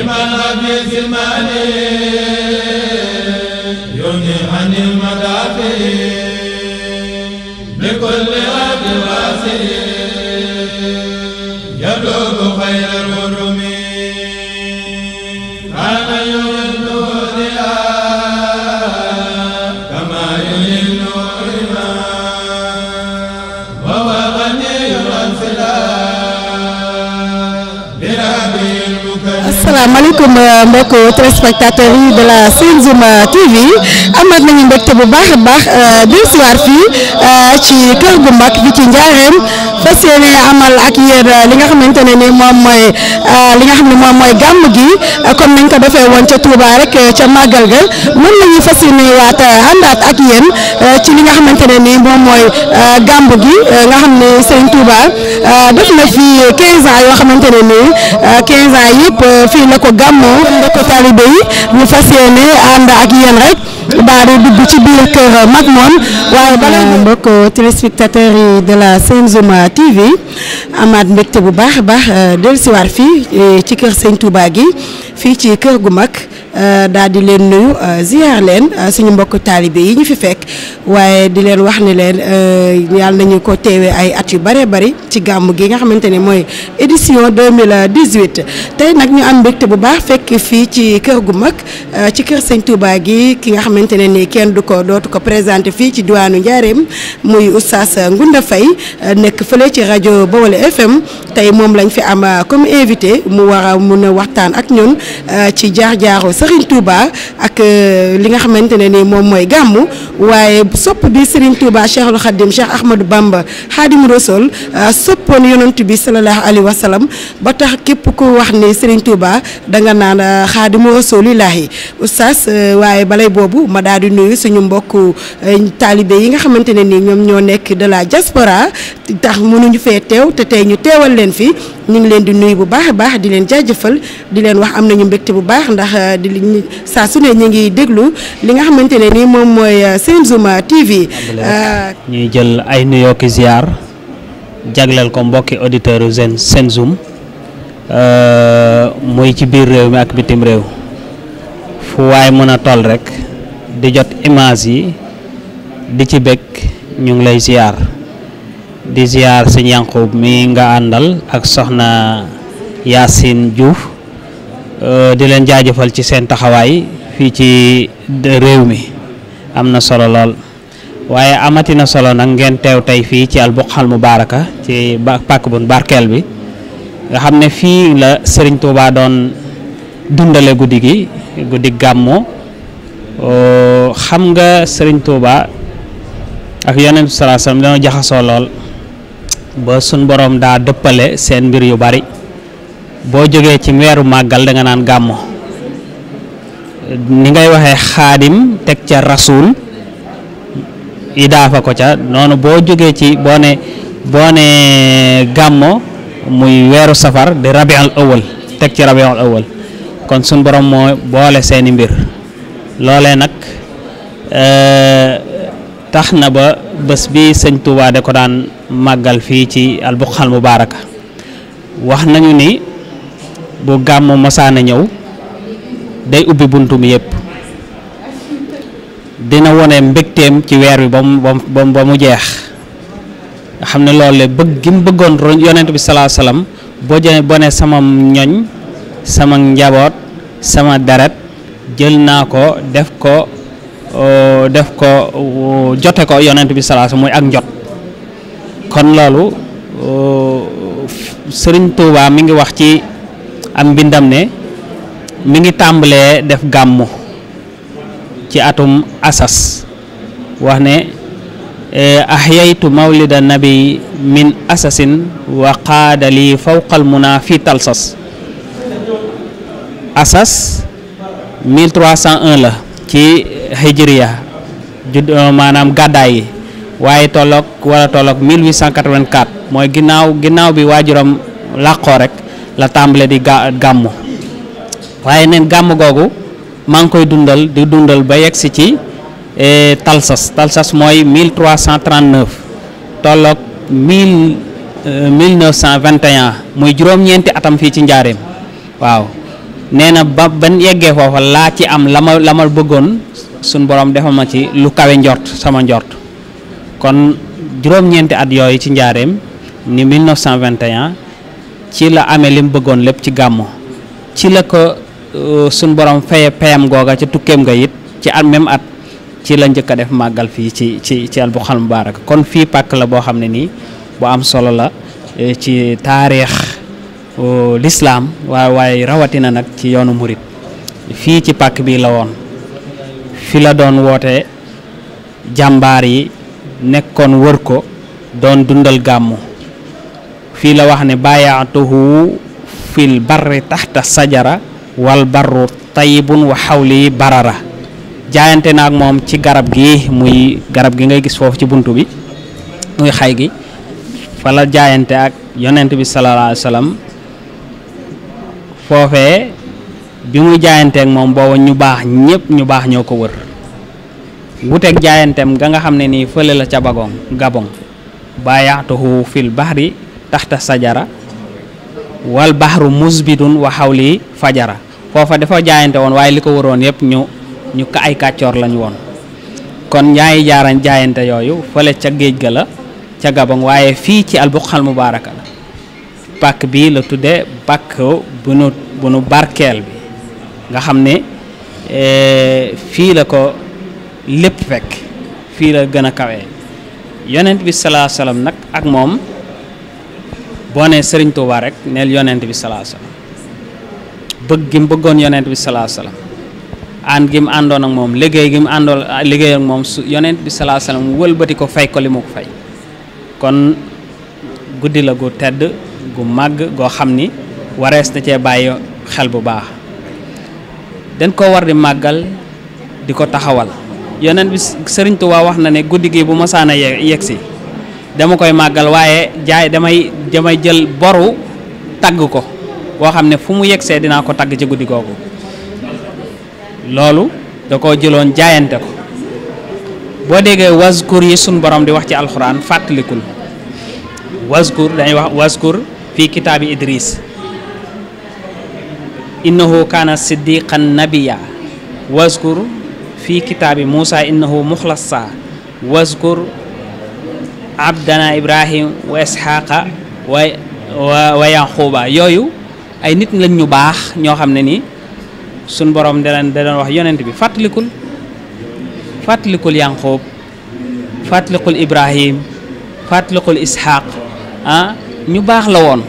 liman rabbi silmani asalaamaaleykum euh, mbokk téléspectateurs yi de la Senzoom TV amaat nañu mbégte bu baax a baax biir euh, soir euh, ci kër gu mag bi ci Njaareem fas amal ak yéen li nga xamante ne ni moom mooy Euh, li nga xam ne moom mooy gàmm gi euh, comme nañ ko defee woon ca Touba rek euh, ca màggal ga mën nañu fas yéene waat àndaat ak yéen ci li nga xamante ne ni moom mooy gàmm gi nga xam ne Serigne Touba def na fi 15 ans yoo xamante ne ni 15 ans yëpp fii la ko gàmmoo. kon nga ko taalibe yi ñu fas yéene ànd ak yéen rek. daal di dugg ci biir kër mag moom waaye balaa mbokk téléspectateurs yi de la Senzoom TV amaat mbégte bu baax a baax euh, dellusiwaat fii euh, ci kër sëñ Touba gi fii ci kër gu mag euh, daal di leen nuyu ziar leen suñu mbokk taalibe yi ñu fi fekk waaye di leen wax ni leen yàlla nañu ko teewee ay at yu bare bari ci gàmm gi nga xamante ni mooy édition 2018 tey nag ñu am mbégte bu baax fekk fii ci kër gu mag ci kër sëñ Touba gi ki nga xamante ne nii kenn du ko dootu ko présenté fii ci diwaanu Njaareem muy oustaz Ngounda Faye euh, nekk fële ci rajo Bawol FM tey moom lañ fi am euh, comme invité mu war mun a waxtaan ak ñun euh, ci jaar-jaaru Serigne Touba ak li nga xamante ne nii moom mooy gàmmu waaye sopp bi Serigne Touba Cheikhul Khadim Cheikh Ahmadou Bamba Khadim Rasoul soppoon yonent bi sallallahu alayhi ba tax képp ku wax ni Serigne danga naan Khadim boobu. boobu ma daal di nuyu suñu mbokku eh, taalibe yi nga xamante ne nii ñoom ñoo nekk de la diaspora tax mënuñu fee teew te tey ñu teewal leen fii ñu ngi leen di nuyu bu baax a baax di leen jaajëfal di leen wax am nañu mbégte bu baax ndax eh, di li saa su ne ñu ngi déglu li nga xamante ne nii moom mooy eh, Senzoom TV. ñuy jël ay nuyoo ki ziar jagleel ko mbokki auditeurs yu seen Senzoom muy ci biir réew mi ak bitim réew fu waay mën a toll rek. di jot image yi di ci bég ñu ngi lay ziar di ziar señ yanqub mi nga andal ak soxna yaasin diouf euh, di len jaajeufal ci sen taxaway fi ci rew mi amna solo lol waye amati na solo nak ngeen tew tay fi ci bukhal mubaraka ci pak bun barkel bi nga xamne fi la sëriñ touba don dundale gudigi gudig guddi Oh, xam nga Serigne Touba ak yenen salassam salaa jaxaso lol ba sun borom da dëppale sen mbir yu bari bo joge ci weeru magal da nga nan gàmmo ni ngay waxe khadim tek ca rasul idaafa ko ca nonu bo joge ci boo ne boo muy wéru safar de rabiul awal tek ci rabiul awal kon sun borom mo boole seeni mbir lolé nak euh taxna ba bës bi sëñ Touba de ko dan magal fi ci bukhal mubarak wax nañu ni bu gamu masaana ñëw day buntu mi yépp dina woné mbektem ci wér bi bam bam bamu jeex nga lolé bëgg gi mu bëggoon bi sallallahu alayhi wasallam bo jëne ne sama ñoñ sama njabot sama darat jël naa ko def ko def ko jote ko yonent bi salaas muy ak njot kon loolu sëriñ Touba mi ngi wax ci am mbindam ne mi ngi tàmbalee def gamu, ci atum asas wax ne e, ahyaytu mawlida nabi min asasin wa qaada li fawqa almuna fi talsas asas 1301 la ci hijriya judd euh, maanaam gàddaay yi waaye tolloog wala tolloog 1884 mooy ginnaaw ginnaaw bi waajuram làqoo rek la tàmbale di ga gàmm waaye neen gàmm googu maa ngi koy dundal di dundal ba yegg si ci e, talsas talsas mooy 1339 tolloog 1000 1921 euh, muy juróom-ñeenti atam fii ci njaareem waaw neena ba ban yegge fofu la ci am lama lama bëggoon sun borom defal ma ci lu kawe njort sama njort kon juróom ñenti at yoy ci njaareem ni 1921 ci la amé lim bëggoon lepp ci gamu ci la ko euh, sun borom faye payam goga ci tukem ga yit ci at même at ci lañ jëk def magal fi ci ci ci bukhari mubarak kon fii pak la bo xam ni am solo la eh, ci tarikh l'islam way wai rawatina nak ci yoonu mourid fi ci pak bi la won fi la doon wote jambar yi nekkon wër ko doon dundal gamu, fi la wax ne bayatuhu fil barri tahta sajara wal barru tayyibun wa hawli barara jaayante nak mom ci garab gi muy garab gi ngay gis tubi, ci buntu bi muy xay gi fala jaayante ak yonent bi sallallahu alayhi wasallam fofé bi jaayante ak mom booba ñu baax ñepp ñu baax ñoko wër wuteeg jaayanteem ga nga xam ne nii la ca bagong gabon baayaxtuhu fil bahri tahta sajara wal bahru musbidun wa hawli fajara fofa dafa jaayante won waye li ko yépp ñu ñu ka ay kàccoor lañ won kon ñaay jaaran jaayante yoyu feele ca géej la ca gabon waye fi ci al-bukhal mubarakah Bak bi la tuddee bak buñu buñu barkel bi nga xamné euh fi la ko lepp fek fi la gëna kawé yonnent bi sallallahu alayhi wasallam nak ak mom boo nee Sëriñ Tuuba rek neel yonnent bi alayhi wasallam bëgg gi mbëggon yonnent bi sallallahu alayhi wasallam and gi mu ak mom liggéey gi liggéey ak mom yonnent bi sallallahu alayhi wasallam wëlbeuti ko fay ko limu fay kon guddi la go tedd gu mag go xamni ni na Dan baye xel bu baax den ko war di magal di taxawal yenen bi serigne touba wax na ne guddige bu ma saana dama koy magal waye jaay damay jamay jël boru tag ko bo xamne ne fu mu yegsee dina ko tag ci guddi googu lolou da koo jëloon jaayante ko bo dege wazkur yi sun borom di wax ci alquran fatlikul waskur dañuy wax waskur fi kitaabi idris innahu kaana siddiqan nabiya waskur fi kitaabi muusa innahu muxlasa waskur abdana ibrahim wa isxaqa wa wa yanquba yooyu ay nit lañ ñu baax ñoo xam ne nii suñ borom da leen da doon wax yonent bi fàttalikul fàttalikul yanqub fàttalikul ibrahim fatlikul ishaq ah ñu bax la won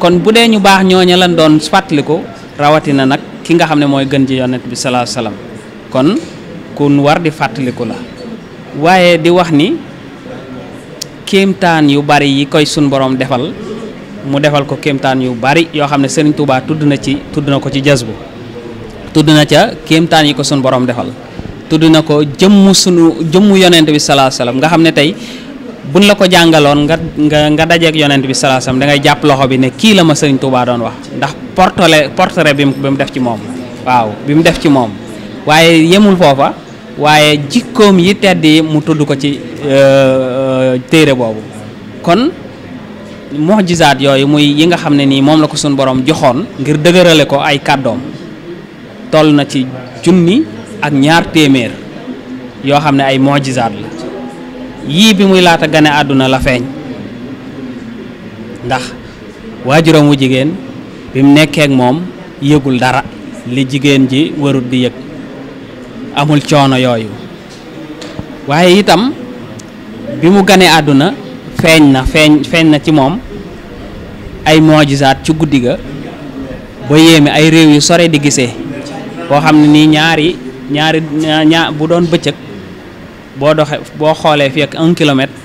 kon bu nyubah ñu baax ñooña lan doon rawati na nak ki nga xamne moy gën ji bi kon kun war di fatliku la waye di wax ni kemtan yu bari yi koy sun borom defal mu defal ko kemtan yu bari yo xamne tuba touba tudd na ci tudd na ko ci jazbu tudd na ca kemtan yi ko sun borom defal tudd na ko jëm sunu jëm yonent bi alayhi wasallam nga xamne tay buñ la ko jàngaloon nga nga nga dajeeg yonent bi salaa salaam da jàpp loxo bi ne kii la ma sëriñ Touba doon wax ndax portrait portrait bi mu def ci moom waaw bi mu def ci moom waaye yemul foofa waaye jikkoom yi tedd yi mu tudd ko ci euh, euh, téere boobu kon mujizaat yooyu muy yi nga xam ne nii moom la ko suñu borom joxoon ngir dëgërale ko ay kàddoom toll na ci junni ak ñaar téeméer yoo xam ne ay mujizaat la yii bi muy laata gane àdduna la feeñ ndax waajuram wu jigéen bi mu nekkee moom yëgul dara li jigéen ji warut di yëg amul coono yooyu waaye itam bi mu ganee àdduna feeñ na feeñ feeñ na ci moom ay moojisaat ci guddi ga ba yéeme ay réew yu sore di gisee boo xam ne nii ñaari ñaari ñaa bu doon bëccëg boo doxee boo xoolee fi ak un kilomètre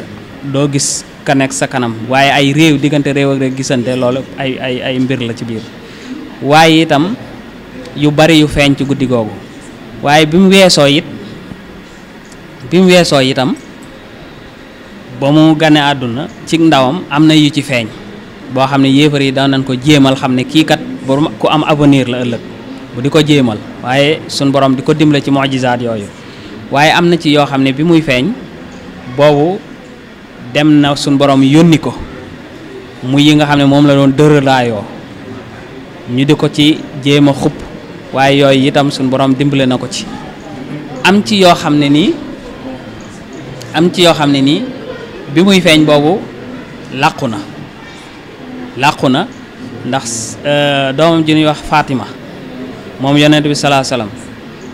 doo gis ka nekk sa kanam waaye ay réew diggante réew ak réew gisante loolu ay ay ay mbir la ci biir waaye itam yu bari yu feeñ ci guddi googu waaye bi weesoo it bi mu weesoo itam ba mu gane àdduna ci ndawam am na yu ci feeñ boo xam ne yéefar yi daan nañ ko jéemal xam ne kii kat mag ku am avenir la ëllëg bu di ko jéemal waaye sunu borom di ko dimbale ci mujizaat yooyu waaye am na ci yoo xam ne bi muy feeñ boobu dem na suñ borom yónni ko mu yi nga xam ne moom la doon dërëlaayoo ñu di ko ci jéem a xupp waaye yooyu itam suñ borom dimbale na ko ci am ci yoo xam ne nii am ci yoo xam ne nii bi muy feeñ boobu làqu na làqu na ndax euh, doomam ji ñuy wax faatima moom yonent bi salaa salaam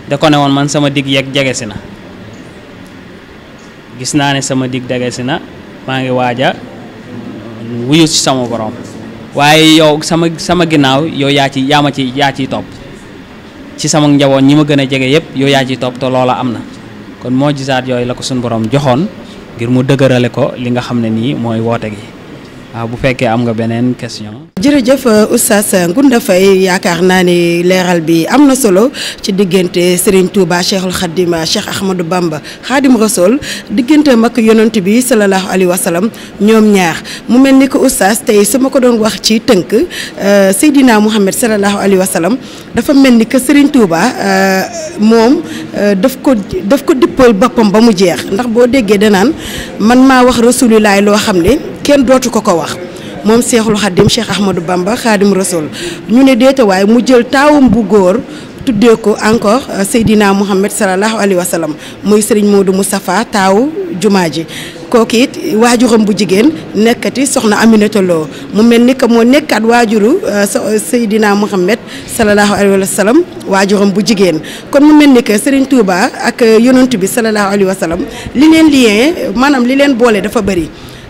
da ko ne woon man sama dig yegg jege si na gis naa ne sama digg jege na maa ngi waaja a wuyu ci sama borom waaye yow sama sama ginnaaw yow yaa ci yaa ma ci yaa ciy topp ci sama njawoon ñi ma gën a jege yëpp yow yaa ciy topp te loola am na kon moo gisaat yooyu la ko suñu boroom joxoon ngir mu dëgërale ko li nga xam ne nii mooy woote gi waaw ah, bu fekkee am nga beneen question. jërëjëf oustaz Ngounda Faye yaakaar naa ni leeral bi am na solo ci diggante Serigne Touba Cheikhul Khadim Cheikh Ahmadou Bamba Khadim Rasoul diggante mag yonent bi sallallahu alayhi wa sallam ñoom ñaar mu mel ni que oustaz tey su ma ko doon wax ci tënk euh, Seydina Mouhamed sallallahu alayhi wa sallam dafa mel ni que Serigne Touba euh, moom euh, daf ko daf ko dëppal boppam ba mu jeex ndax boo déggee danaan man maa wax rasulilaay loo xam ne. kenn dootu ko ko wax moom Seexul Xaddim Cheikh Ahmadou Bamba Xaadim Rasul ñu ne déeta mu jël taawum bu góor tuddee ko encore euh, Seydina Mouhamed salallahu alayhi wa muy Serigne Modou Moustapha taawu jumaa ji kooku it waajuram bu jigéen nekkati soxna Aminata mu mel ni que moo nekkaat waajuru euh, euh, Seydina Mouhamed salallahu alayhi wa sallam waajuram bu jigéen kon mu mel ni que Serigne Touba ak yonent bi salallahu alayhi wa li leen lien maanaam li leen boole dafa bëri.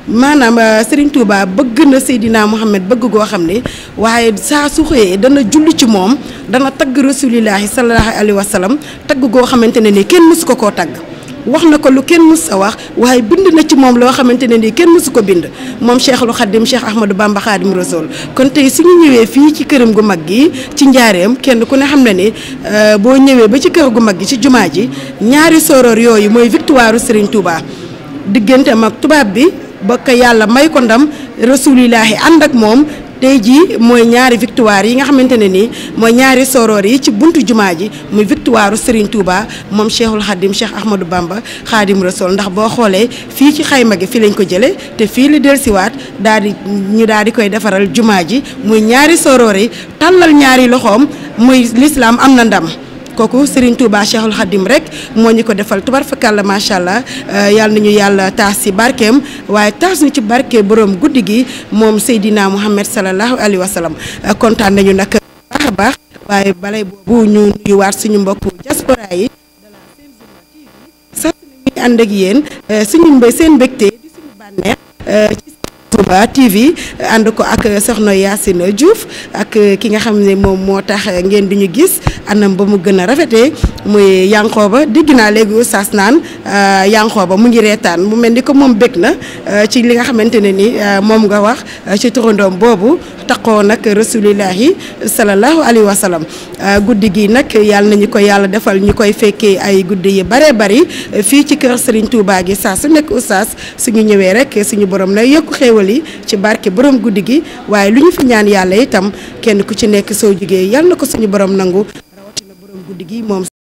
maanaam euh, Serigne Touba bëgg na Seydina Mohamed bëgg goo xam ne waaye saa su xëyee dana julli ci moom dana tagg rasulillahi sallallahu alayhi wa sallam tagg goo xamante ne nii kenn mësu ko koo tagg wax na ko lu kenn mës a wax waaye bind na ci moom loo xamante ne ni kenn mësu ko bind moom Cheikhul Khadim Cheikh Ahmadou Bamba Khadim Rasoul kon tey ñu ñëwee fii ci këram gu mag gi ci njaareem kenn ku ne xam na ne euh, boo ñëwee ba ci kër gu mag gi ci jumaa ji ñaari soror yooyu mooy victoire Serigne Touba diggante mag tubaab bi. ba ko yàlla may ko ndam rasulillahi ànd ak moom tey jii mooy ñaari victoire yi nga xamante ne nii mooy ñaari soroor yi ci buntu jumaa ji muy victoire Serigne Touba moom Cheikhul Khadim Cheikh Ahmadou Bamba Khadim Rasoul ndax boo xoolee fii ci xayma gi fi lañ ko jëlee te fii li dellusiwaat daal di ñu daal di koy defaral jumaa ji muy ñaari soroor yi tàllal ñaari loxoom muy lislaam am na ndam. kooku Serigne Touba Cheikhul Khadim rek moo ñu ko defal tubarfakalla macha allah euh, yàlla nañu yàlla taas ci barkeem waaye taas ñu ci barke boroom guddi gi moom Seydina Mouhamed salallahu alayhi wa euh, kontaan nañu nag baax baax waaye balay boobu ñu nuyuwaat suñu mbokku diaspora yi de la ànd ak yéen euh, suñu mbé seen mbégte di suñu bànneex. Touba TV ànd ko ak soxna Yacine Diouf ak ki nga xam ne moom moo tax ngeen di ñu gis anam ba mu gën a rafetee muy ba dégg naa léegi oustaz naan euh, ba mu ngi reetaan mu mel ni ko moom bég na euh, ci li nga xamante ne ni euh, moom nga wax ci turandoom boobu taqoo nag rasulillahi salallahu alayhi wa sallam euh, guddi gi nag yàlla nañu ko yàlla defal ñu koy fekkee ay guddi yi bare bari euh, fii ci kër Serigne Touba gi saa su nekk oustaz suñu ñëwee rek suñu borom lay yokk xéewal yi ci barke boroom guddi gi waaye lu ñu fi ñaan yàlla itam kenn ku ci nekk soo jugee yàlla na ko suñu borom nangu rawatina borom guddi gi moom